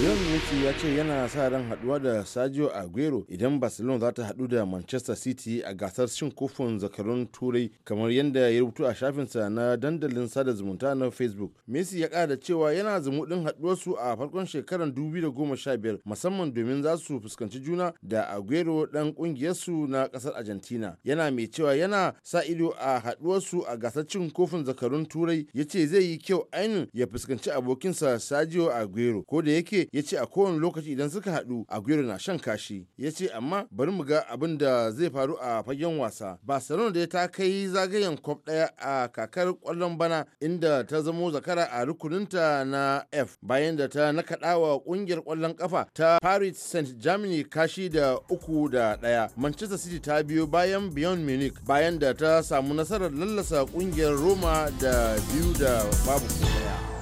Lionel Messi ya ce yana sa ran haduwa da Sergio Aguero idan Barcelona za ta hadu da Manchester City a gasar cin kofin zakarun Turai kamar yadda ya rubutu a shafinsa na dandalin sada zumunta na Facebook. Messi ya kada cewa yana zumuɗin haduwarsu a farkon shekarar 2015 musamman domin za su fuskanci juna da Aguero dan kungiyarsu na kasar Argentina. Yana mai cewa yana sa ido a haduwarsu a gasar cin kofin zakarun Turai ya ce zai yi kyau ainin ya fuskanci abokinsa Sergio Aguero ko da yake ya ce a kowane lokaci idan suka haɗu Aguero na shan kashi ya ce amma bari mu ga abin da zai faru a fagen wasa Barcelona da ta kai zagayen kwaf ɗaya a kakar ƙwallon bana inda ta zamo zakara a rukuninta na F bayan da ta nakaɗa wa ƙungiyar kwallon kafa ta Paris Saint-Germain kashi da uku da ɗaya Manchester City ta biyo bayan Bayern Munich bayan da ta samu nasarar lallasa ƙungiyar Roma da biyu da babu daya.